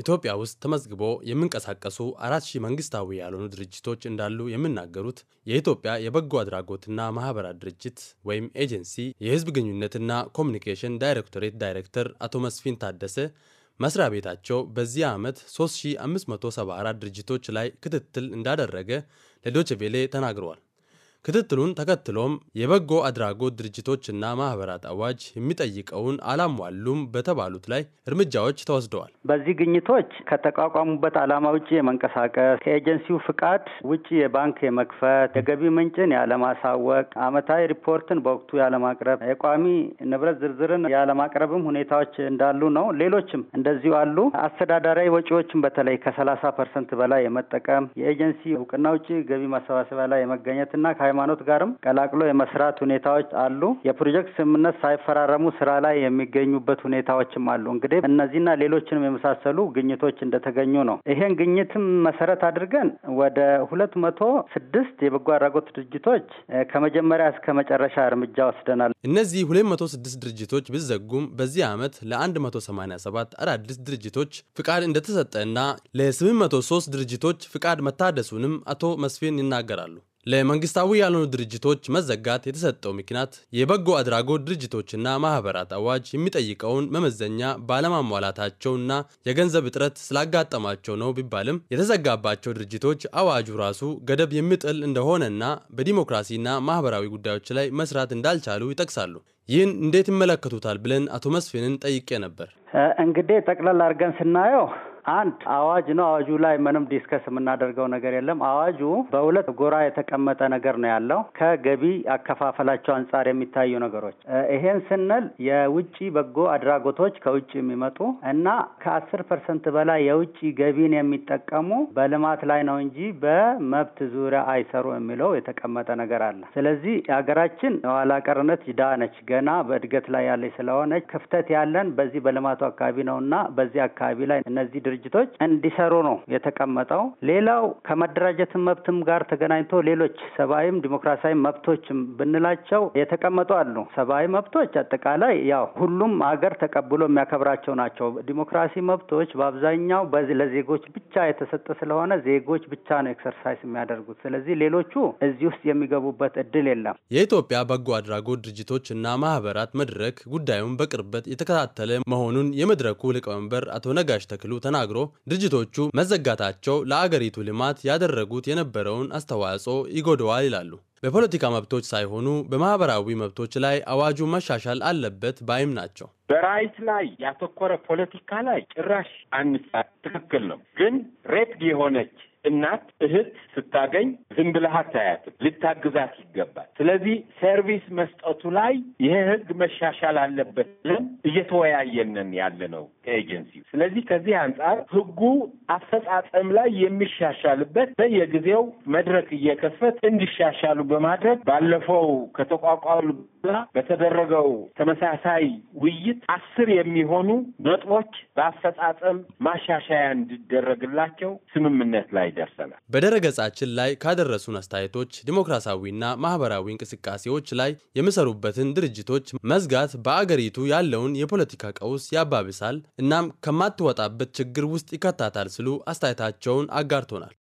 ኢትዮጵያ ውስጥ ተመዝግቦ የሚንቀሳቀሱ አራት ሺህ መንግስታዊ ያልሆኑ ድርጅቶች እንዳሉ የሚናገሩት የኢትዮጵያ የበጎ አድራጎትና ማህበራት ድርጅት ወይም ኤጀንሲ የህዝብ ግንኙነትና ኮሚኒኬሽን ዳይሬክቶሬት ዳይሬክተር አቶ መስፊን ታደሰ መስሪያ ቤታቸው በዚህ ዓመት 3574 ድርጅቶች ላይ ክትትል እንዳደረገ ለዶችቬሌ ተናግረዋል። ክትትሉን ተከትሎም የበጎ አድራጎት ድርጅቶችና ማህበራት አዋጅ የሚጠይቀውን አላሟሉም በተባሉት ላይ እርምጃዎች ተወስደዋል። በዚህ ግኝቶች ከተቋቋሙበት ዓላማ ውጭ የመንቀሳቀስ፣ ከኤጀንሲው ፍቃድ ውጭ የባንክ የመክፈት፣ የገቢ ምንጭን ያለማሳወቅ፣ አመታዊ ሪፖርትን በወቅቱ ያለማቅረብ፣ የቋሚ ንብረት ዝርዝርን ያለማቅረብም ሁኔታዎች እንዳሉ ነው። ሌሎችም እንደዚሁ አሉ። አስተዳዳሪያዊ ወጪዎችን በተለይ ከሰላሳ ፐርሰንት በላይ የመጠቀም የኤጀንሲ እውቅና ውጭ ገቢ ማሰባሰቢያ ላይ የመገኘትና ከሃይማኖት ጋርም ቀላቅሎ የመስራት ሁኔታዎች አሉ። የፕሮጀክት ስምምነት ሳይፈራረሙ ስራ ላይ የሚገኙበት ሁኔታዎችም አሉ። እንግዲህ እነዚህና ሌሎችንም የመሳሰሉ ግኝቶች እንደተገኙ ነው። ይሄን ግኝትም መሰረት አድርገን ወደ ሁለት መቶ ስድስት የበጎ አድራጎት ድርጅቶች ከመጀመሪያ እስከ መጨረሻ እርምጃ ወስደናል። እነዚህ ሁለት መቶ ስድስት ድርጅቶች ቢዘጉም በዚህ ዓመት ለአንድ መቶ ሰማኒያ ሰባት አዳዲስ ድርጅቶች ፍቃድ እንደተሰጠና ለስምንት መቶ ሶስት ድርጅቶች ፍቃድ መታደሱንም አቶ መስፍን ይናገራሉ። ለመንግስታዊ ያልሆኑ ድርጅቶች መዘጋት የተሰጠው ምክንያት የበጎ አድራጎት ድርጅቶችና ማህበራት አዋጅ የሚጠይቀውን መመዘኛ ባለማሟላታቸውና የገንዘብ እጥረት ስላጋጠማቸው ነው ቢባልም የተዘጋባቸው ድርጅቶች አዋጁ ራሱ ገደብ የሚጥል እንደሆነና በዲሞክራሲና ማህበራዊ ጉዳዮች ላይ መስራት እንዳልቻሉ ይጠቅሳሉ። ይህን እንዴት ይመለከቱታል ብለን አቶ መስፍንን ጠይቄ ነበር። እንግዲህ ጠቅላላ አድርገን ስናየው አንድ አዋጅ ነው። አዋጁ ላይ ምንም ዲስከስ የምናደርገው ነገር የለም። አዋጁ በሁለት ጎራ የተቀመጠ ነገር ነው ያለው ከገቢ አከፋፈላቸው አንጻር የሚታዩ ነገሮች። ይሄን ስንል የውጭ በጎ አድራጎቶች ከውጭ የሚመጡ እና ከአስር ፐርሰንት በላይ የውጭ ገቢን የሚጠቀሙ በልማት ላይ ነው እንጂ በመብት ዙሪያ አይሰሩ የሚለው የተቀመጠ ነገር አለ። ስለዚህ የሀገራችን ኋላ ቀርነት ዳ ነች። ገና በእድገት ላይ ያለች ስለሆነች ክፍተት ያለን በዚህ በልማቱ አካባቢ ነው እና በዚህ አካባቢ ላይ እነዚህ ድርጅቶች እንዲሰሩ ነው የተቀመጠው። ሌላው ከመደራጀት መብትም ጋር ተገናኝቶ ሌሎች ሰብአዊም ዲሞክራሲያዊ መብቶችም ብንላቸው የተቀመጡ አሉ። ሰብአዊ መብቶች አጠቃላይ ያው ሁሉም አገር ተቀብሎ የሚያከብራቸው ናቸው። ዲሞክራሲ መብቶች በአብዛኛው ለዜጎች ብቻ የተሰጠ ስለሆነ ዜጎች ብቻ ነው ኤክሰርሳይዝ የሚያደርጉት። ስለዚህ ሌሎቹ እዚህ ውስጥ የሚገቡበት እድል የለም። የኢትዮጵያ በጎ አድራጎት ድርጅቶች እና ማህበራት መድረክ ጉዳዩን በቅርበት የተከታተለ መሆኑን የመድረኩ ሊቀመንበር አቶ ነጋሽ ተክሉ ተናግረዋል። ተናግሮ ድርጅቶቹ መዘጋታቸው ለአገሪቱ ልማት ያደረጉት የነበረውን አስተዋጽኦ ይጎደዋል ይላሉ። በፖለቲካ መብቶች ሳይሆኑ በማህበራዊ መብቶች ላይ አዋጁ መሻሻል አለበት ባይም ናቸው። በራይት ላይ ያተኮረ ፖለቲካ ላይ ጭራሽ አንሳ። ትክክል ነው። ግን ሬፕድ የሆነች እናት እህት ስታገኝ ዝም ብለህ አታያትም፣ ልታግዛት ይገባል። ስለዚህ ሰርቪስ መስጠቱ ላይ ይሄ ህግ መሻሻል አለበት ብለን እየተወያየንን ያለ ነው ከኤጀንሲ። ስለዚህ ከዚህ አንጻር ህጉ አፈጻጸም ላይ የሚሻሻልበት በየጊዜው መድረክ እየከፈት እንዲሻሻሉ በማድረግ ባለፈው ከተቋቋሉ በተደረገው ተመሳሳይ ውይይት አስር የሚሆኑ ነጥቦች በአፈጻጸም ማሻሻያ እንዲደረግላቸው ስምምነት ላይ ደርሰናል። በድረገጻችን ላይ ካደረሱን አስተያየቶች ዲሞክራሲያዊና ማህበራዊ እንቅስቃሴዎች ላይ የሚሰሩበትን ድርጅቶች መዝጋት በአገሪቱ ያለውን የፖለቲካ ቀውስ ያባብሳል፣ እናም ከማትወጣበት ችግር ውስጥ ይከታታል ሲሉ አስተያየታቸውን አጋርቶናል።